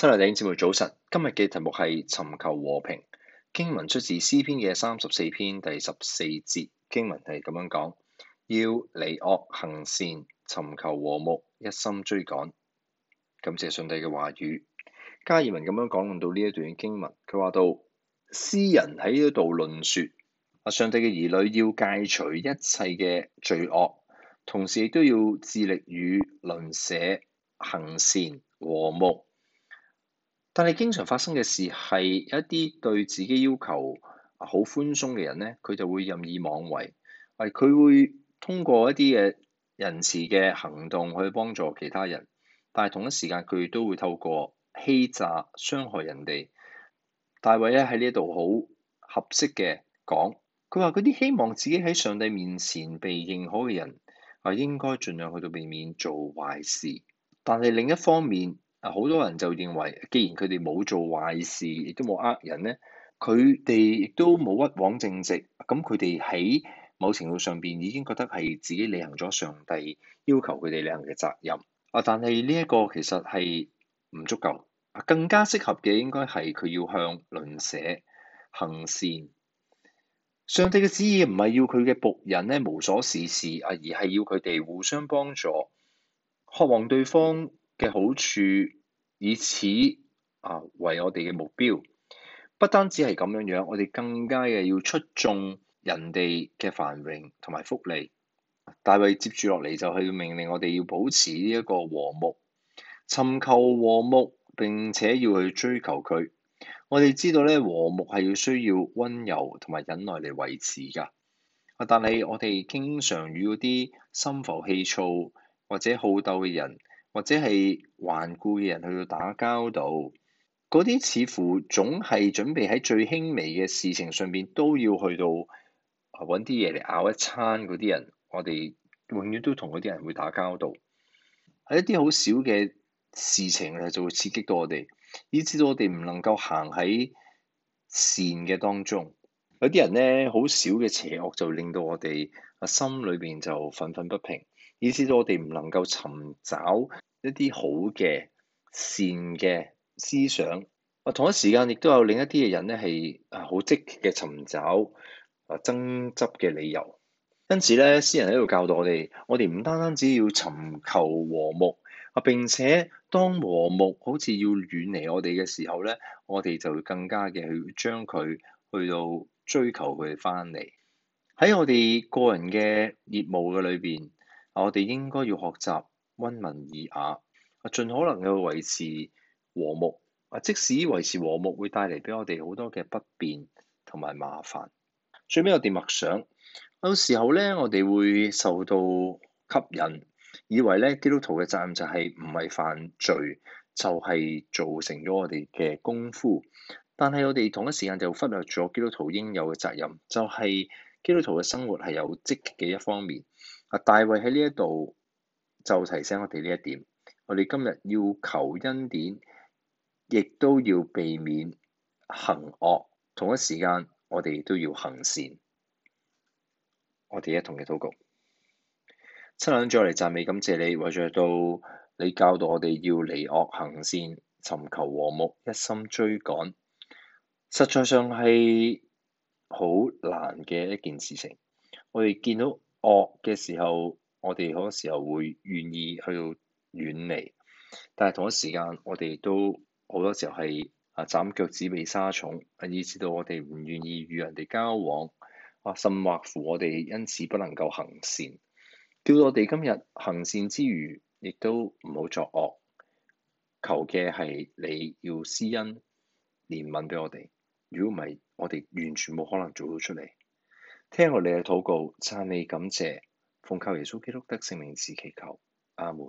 七廿零節目早晨，今日嘅題目係尋求和平。經文出自《詩篇》嘅三十四篇第十四節，經文係咁樣講：要離惡行善，尋求和睦，一心追趕。感謝上帝嘅話語。加爾文咁樣講到呢一段經文，佢話到：詩人喺呢度論説，啊上帝嘅兒女要戒除一切嘅罪惡，同時亦都要致力於鄰舍行善和睦。但係經常發生嘅事係一啲對自己要求好寬鬆嘅人呢，佢就會任意妄為，係佢會通過一啲嘅仁慈嘅行動去幫助其他人，但係同一時間佢都會透過欺詐傷害人哋。大衛咧喺呢度好合適嘅講，佢話：嗰啲希望自己喺上帝面前被認可嘅人，啊應該盡量去到避免做壞事，但係另一方面。啊！好多人就認為，既然佢哋冇做壞事，亦都冇呃人咧，佢哋亦都冇屈枉正直，咁佢哋喺某程度上邊已經覺得係自己履行咗上帝要求佢哋履行嘅責任。啊！但係呢一個其實係唔足夠。更加適合嘅應該係佢要向鄰舍行善。上帝嘅旨意唔係要佢嘅僕人咧無所事事啊，而係要佢哋互相幫助，渴望對方嘅好處，以此啊為我哋嘅目標，不單止係咁樣樣，我哋更加嘅要出眾人哋嘅繁榮同埋福利。大衛接住落嚟就係命令我哋要保持呢一個和睦，尋求和睦並且要去追求佢。我哋知道咧，和睦係要需要溫柔同埋忍耐嚟維持㗎。但係我哋經常與嗰啲心浮氣躁或者好鬥嘅人。或者係頑固嘅人去到打交道，嗰啲似乎總係準備喺最輕微嘅事情上邊都要去到搵啲嘢嚟拗一餐嗰啲人，我哋永遠都同嗰啲人會打交道，喺一啲好少嘅事情咧，就會刺激到我哋，以至到我哋唔能夠行喺善嘅當中。有啲人咧，好少嘅邪惡就令到我哋啊，心裏邊就憤憤不平。意思就我哋唔能夠尋找一啲好嘅善嘅思想，或同一時間亦都有另一啲嘅人咧，係啊好積極嘅尋找啊爭執嘅理由呢。因此咧，詩人喺度教導我哋，我哋唔單單只要尋求和睦啊，並且當和睦好似要遠離我哋嘅時候咧，我哋就會更加嘅去將佢去到追求佢翻嚟喺我哋個人嘅業務嘅裏邊。我哋應該要學習溫文爾雅，啊，盡可能嘅維持和睦。啊，即使維持和睦會帶嚟俾我哋好多嘅不便同埋麻煩。最尾我哋默想，有時候咧，我哋會受到吸引，以為咧基督徒嘅責任就係唔係犯罪，就係造成咗我哋嘅功夫。但係我哋同一時間就忽略咗基督徒應有嘅責任，就係基督徒嘅生活係有積極嘅一方面。大衛喺呢一度就提醒我哋呢一點。我哋今日要求恩典，亦都要避免行惡。同一時間，我哋都要行善。我哋一同嘅禱告，七親再嚟讚美感謝你，為著到你教導我哋要離惡行善，尋求和睦，一心追趕。實在上係好難嘅一件事情。我哋見到。惡嘅時候，我哋好多時候會願意去到遠離，但係同一時間，我哋都好多時候係啊斬腳趾避沙蟲，以至到我哋唔願意與人哋交往，啊甚或乎我哋因此不能夠行善，叫我哋今日行善之餘，亦都唔好作惡，求嘅係你要施恩憐憫俾我哋，如果唔係，我哋完全冇可能做到出嚟。聽候你嘅禱告，讚你感謝，奉靠耶穌基督的聖名時祈求，阿門。